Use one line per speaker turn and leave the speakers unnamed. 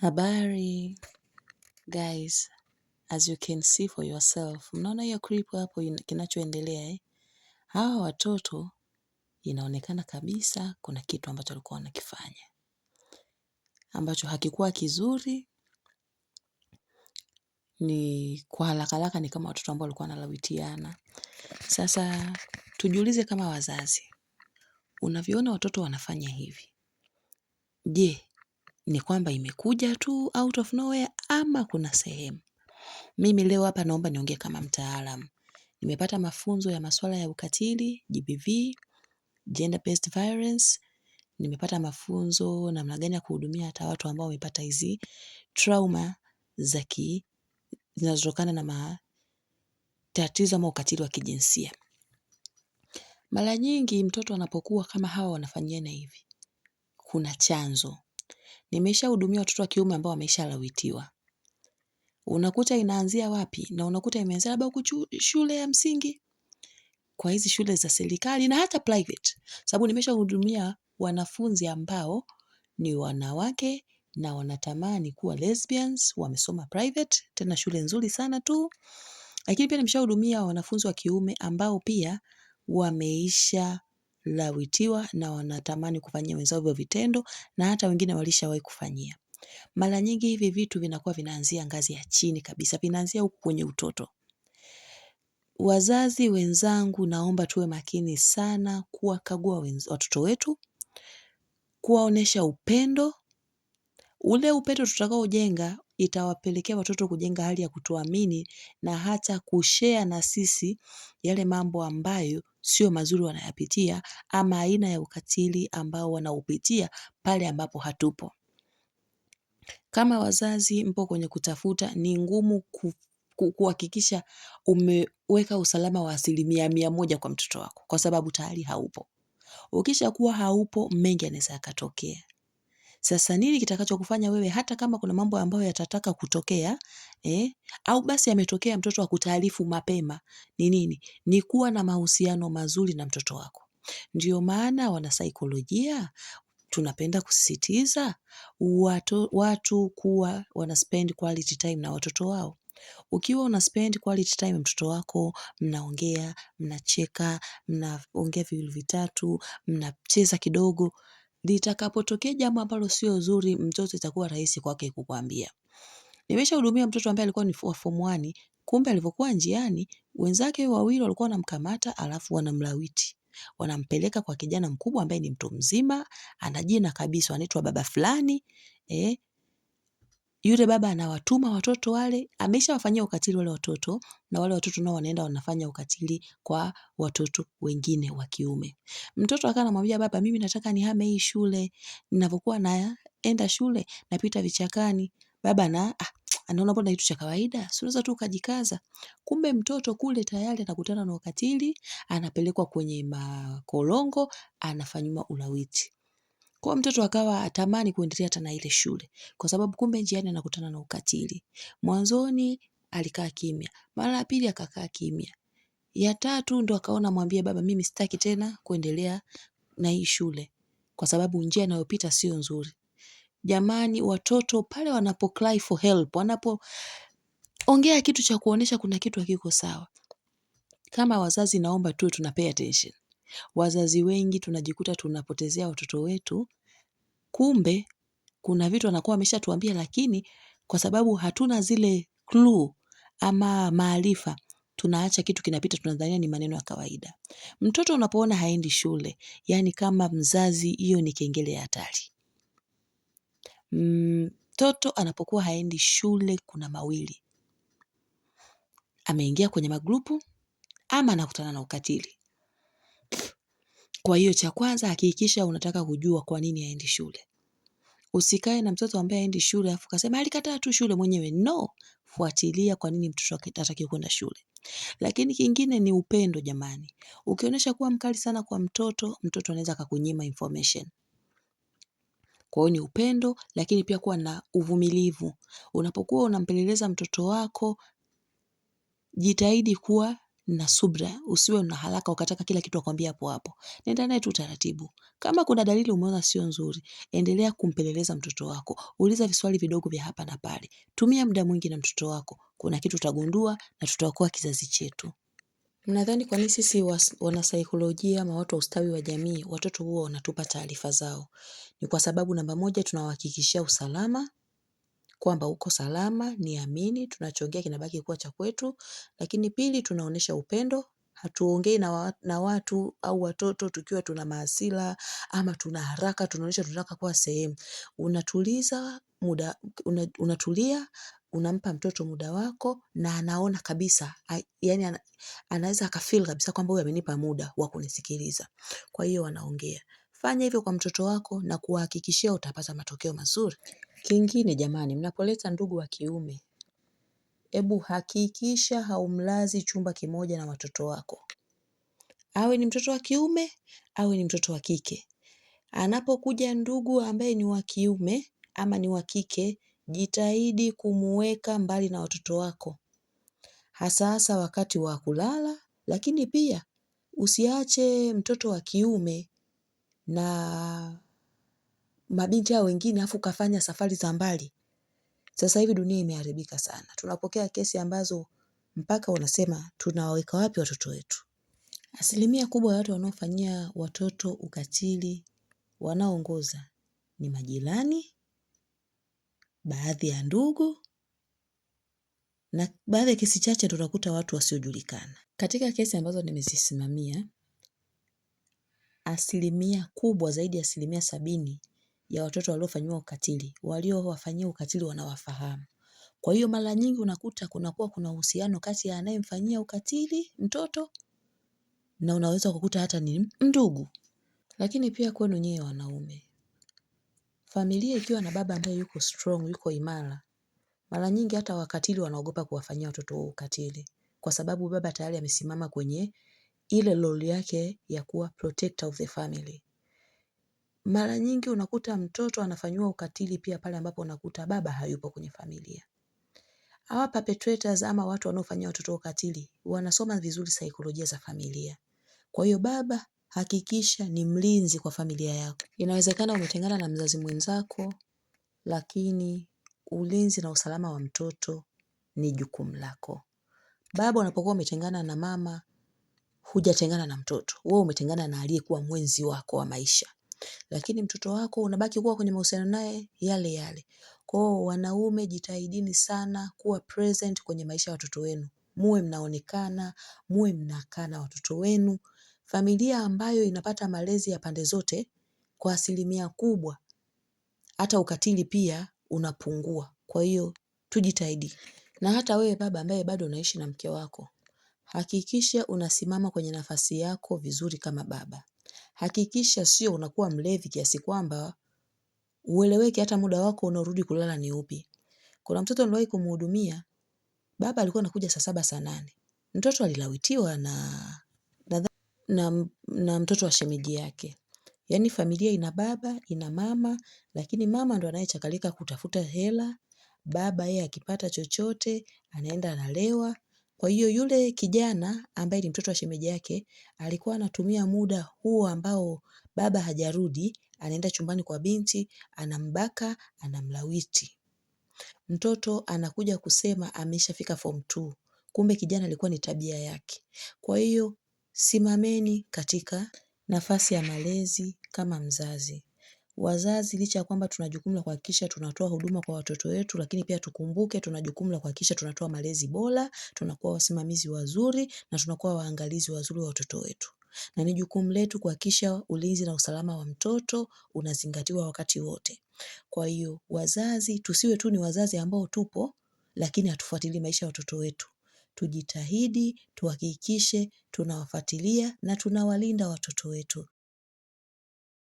Habari guys, as you can see for yourself, mnaona hiyo clip hapo kinachoendelea eh? Hawa watoto inaonekana kabisa kuna kitu ambacho walikuwa wanakifanya ambacho hakikuwa kizuri. Ni kwa haraka haraka, ni kama watoto ambao walikuwa wanalawitiana. Sasa tujiulize kama wazazi, unavyoona watoto wanafanya hivi, je, ni kwamba imekuja tu out of nowhere ama kuna sehemu. Mimi leo hapa naomba niongee kama mtaalamu. Nimepata mafunzo ya masuala ya ukatili, GBV, gender based violence. Nimepata mafunzo namna gani ya kuhudumia hata watu ambao wamepata hizi trauma za ki zinazotokana na matatizo ama ukatili wa kijinsia. Mara nyingi mtoto anapokuwa kama hawa wanafanyiana hivi, kuna chanzo Nimeshahudumia watoto wa kiume ambao wameshalawitiwa. Unakuta inaanzia wapi? Na unakuta imeanzia labda huku shule ya msingi kwa hizi shule za serikali na hata private. Sababu nimeshahudumia wanafunzi ambao ni wanawake na wanatamani kuwa lesbians, wamesoma private, tena shule nzuri sana tu. Lakini pia nimeshahudumia wanafunzi wa kiume ambao pia wameisha lawitiwa na wanatamani kufanyia wenzao hivyo vitendo na hata wengine walishawahi kufanyia. Mara nyingi hivi vitu vinakuwa vinaanzia ngazi ya chini kabisa, vinaanzia huku kwenye utoto. Wazazi wenzangu, naomba tuwe makini sana kuwakagua watoto wetu, kuwaonyesha upendo, ule upendo tutakaojenga itawapelekea watoto kujenga hali ya kutuamini na hata kushea na sisi yale mambo ambayo sio mazuri wanayapitia ama aina ya ukatili ambao wanaupitia pale ambapo hatupo. Kama wazazi mpo kwenye kutafuta ni ngumu ku kuhakikisha umeweka usalama wa asilimia mia moja kwa mtoto wako kwa sababu tayari haupo. kuwa haupo mengi yanaweza yakatokea. Sasa nini kitakachokufanya wewe hata kama kuna mambo ambayo yatataka kutokea eh, au basi yametokea, mtoto akutaarifu mapema, ni nini? Ni kuwa na mahusiano mazuri na mtoto wako. ndio maana wanasaikolojia tunapenda kusisitiza watu, watu kuwa wana spend quality time na watoto wao. Ukiwa una spend quality time mtoto wako, mnaongea, mnacheka, mnaongea viwili vitatu, mnacheza kidogo, litakapotokea jambo ambalo sio zuri, mtoto itakuwa rahisi kwake kukwambia. Nimeshahudumia mtoto ambaye alikuwa ni wa form 1, kumbe alivyokuwa njiani wenzake wawili walikuwa wanamkamata alafu wanamlawiti wanampeleka kwa kijana mkubwa ambaye ni mtu mzima, ana jina kabisa, anaitwa baba fulani eh, yule baba anawatuma watoto wale, ameshawafanyia ukatili wale watoto, na wale watoto nao wanaenda wanafanya ukatili kwa watoto wengine wa kiume. Mtoto akawa anamwambia baba, mimi nataka nihame hii shule, ninavyokuwa naenda shule napita vichakani. Baba na ah, anaona mbona kitu cha kawaida, si unaweza tu ukajikaza. Kumbe mtoto kule tayari anakutana na ukatili, anapelekwa kwenye makorongo, anafanywa ulawiti. Kwa mtoto akawa atamani kuendelea tena na ile shule kwa sababu kumbe njiani anakutana na ukatili. Mwanzoni alikaa kimya, mara ya pili akakaa kimya, ya tatu ndo akaona mwambie baba, mimi sitaki tena kuendelea na hii shule kwa sababu njia inayopita sio nzuri. Jamani, watoto pale wanapo cry for help, wanapoongea kitu cha kuonesha kuna kitu hakiko sawa, kama wazazi naomba tuwe tuna pay attention. Wazazi wengi tunajikuta tunapotezea watoto wetu, kumbe kuna vitu anakuwa ameshatuambia lakini kwa sababu hatuna zile clue ama maarifa tunaacha kitu kinapita, tunadhania ni maneno ya kawaida. Mtoto unapoona haendi shule, yaani kama mzazi, hiyo ni kengele ya hatari. Mtoto anapokuwa haendi shule kuna mawili, ameingia kwenye magrupu ama anakutana na ukatili. Kwa hiyo cha kwanza hakikisha unataka kujua kwa nini haendi shule. Usikae na mtoto ambaye aendi shule alafu kasema alikataa tu shule mwenyewe. No, fuatilia kwa nini mtoto hataki kwenda shule. Lakini kingine ni upendo jamani. Ukionyesha kuwa mkali sana kwa mtoto, mtoto anaweza akakunyima information. Kwa hiyo ni upendo lakini pia kuwa na uvumilivu. Unapokuwa unampeleleza mtoto wako jitahidi kuwa na subra, usiwe na haraka ukataka kila kitu akwambie hapo hapo. Nenda naye tu taratibu. Kama kuna dalili umeona sio nzuri, endelea kumpeleleza mtoto wako. Uliza viswali vidogo vya hapa na pale. Tumia muda mwingi na mtoto wako. Kuna kitu utagundua na tutaokoa kizazi chetu. Mnadhani kwa nini sisi wanasaikolojia ama watu wa ustawi wa jamii watoto huwa wanatupa taarifa zao? Ni kwa sababu namba moja tunawahakikishia usalama kwamba uko salama, niamini, tunachongea kinabaki kuwa cha kwetu. Lakini pili, tunaonesha upendo, hatuongei na, wa, na watu au watoto tukiwa tuna maasila ama tuna haraka, tunaonesha tunataka kuwa sehemu. Unatuliza muda, una, unatulia unampa mtoto muda wako na anaona kabisa ay, yani ana, anaweza akafil kabisa kwamba huyu amenipa muda wa kunisikiliza. Kwa hiyo wanaongea. Fanya hivyo kwa mtoto wako na kuwahakikishia utapata matokeo mazuri. Kingine jamani, mnapoleta ndugu wa kiume, hebu hakikisha haumlazi chumba kimoja na watoto wako. Awe ni mtoto wa kiume, awe ni mtoto wa kike. Anapokuja ndugu ambaye ni wa kiume ama ni wa kike, jitahidi kumuweka mbali na watoto wako. Hasa hasa wakati wa kulala, lakini pia usiache mtoto wa kiume na mabinti hao wengine afu kafanya safari za mbali. Sasa hivi dunia imeharibika sana, tunapokea kesi ambazo mpaka wanasema tunawaweka wapi watoto wetu? Asilimia kubwa ya watu wanaofanyia watoto ukatili wanaoongoza ni majirani, baadhi ya ndugu na baadhi ya kesi chache tunakuta watu wasiojulikana. Katika kesi ambazo nimezisimamia, asilimia kubwa zaidi ya asilimia sabini ya watoto waliofanyiwa ukatili waliowafanyia ukatili wanawafahamu. Kwa hiyo mara nyingi unakuta kunakuwa kuna uhusiano kati ya anayemfanyia ukatili mtoto na unaweza kukuta hata ni ndugu. Lakini pia kwenu nyewe wanaume, familia ikiwa na baba ambaye yuko strong, yuko imara, mara nyingi hata wakatili wanaogopa kuwafanyia watoto wao ukatili, kwa sababu baba tayari amesimama kwenye ile role yake ya kuwa protector of the family. Mara nyingi unakuta mtoto anafanyiwa ukatili pia pale ambapo unakuta baba hayupo kwenye familia. Hawa perpetrators ama watu wanaofanyia watoto ukatili wanasoma vizuri saikolojia za familia. Kwa hiyo baba, hakikisha ni mlinzi kwa familia yako. Inawezekana umetengana na mzazi mwenzako, lakini ulinzi na usalama wa mtoto ni jukumu lako. Baba, unapokuwa umetengana na mama, hujatengana na mtoto, wewe umetengana na aliyekuwa mwenzi wako wa maisha, lakini mtoto wako unabaki kuwa kwenye mahusiano naye yale yale. Kwa hiyo wanaume, jitahidini sana kuwa present kwenye maisha ya watoto wenu, muwe mnaonekana, muwe mnakaa na watoto wenu. Familia ambayo inapata malezi ya pande zote kwa asilimia kubwa, hata ukatili pia unapungua. Kwa hiyo tujitahidi, na hata wewe baba ambaye bado unaishi na mke wako, Hakikisha unasimama kwenye nafasi yako vizuri kama baba. Hakikisha sio unakuwa mlevi kiasi kwamba ueleweki hata muda wako unaorudi kulala ni upi. Kuna mtoto niliwahi kumhudumia, baba alikuwa anakuja saa saba saa nane. Mtoto alilawitiwa na na, na na mtoto wa shemeji yake. Yaani familia ina baba, ina mama, lakini mama ndo anayechakalika kutafuta hela, baba yeye akipata chochote, anaenda analewa. Kwa hiyo yule kijana ambaye ni mtoto wa shemeji yake alikuwa anatumia muda huo ambao baba hajarudi, anaenda chumbani kwa binti, anambaka, anamlawiti. Mtoto anakuja kusema ameshafika form 2. Kumbe kijana alikuwa ni tabia yake. Kwa hiyo simameni katika nafasi ya malezi kama mzazi. Wazazi licha ya kwamba tuna jukumu la kuhakikisha tunatoa huduma kwa watoto wetu, lakini pia tukumbuke tuna jukumu la kuhakikisha tunatoa malezi bora, tunakuwa wasimamizi wazuri na tunakuwa waangalizi wazuri wa watoto wetu. Na ni jukumu letu kuhakikisha ulinzi na usalama wa mtoto unazingatiwa wakati wote. Kwa hiyo wazazi tusiwe tu ni wazazi ambao tupo lakini hatufuatilii maisha ya watoto wetu. Tujitahidi, tuhakikishe, tunawafuatilia na tunawalinda watoto wetu.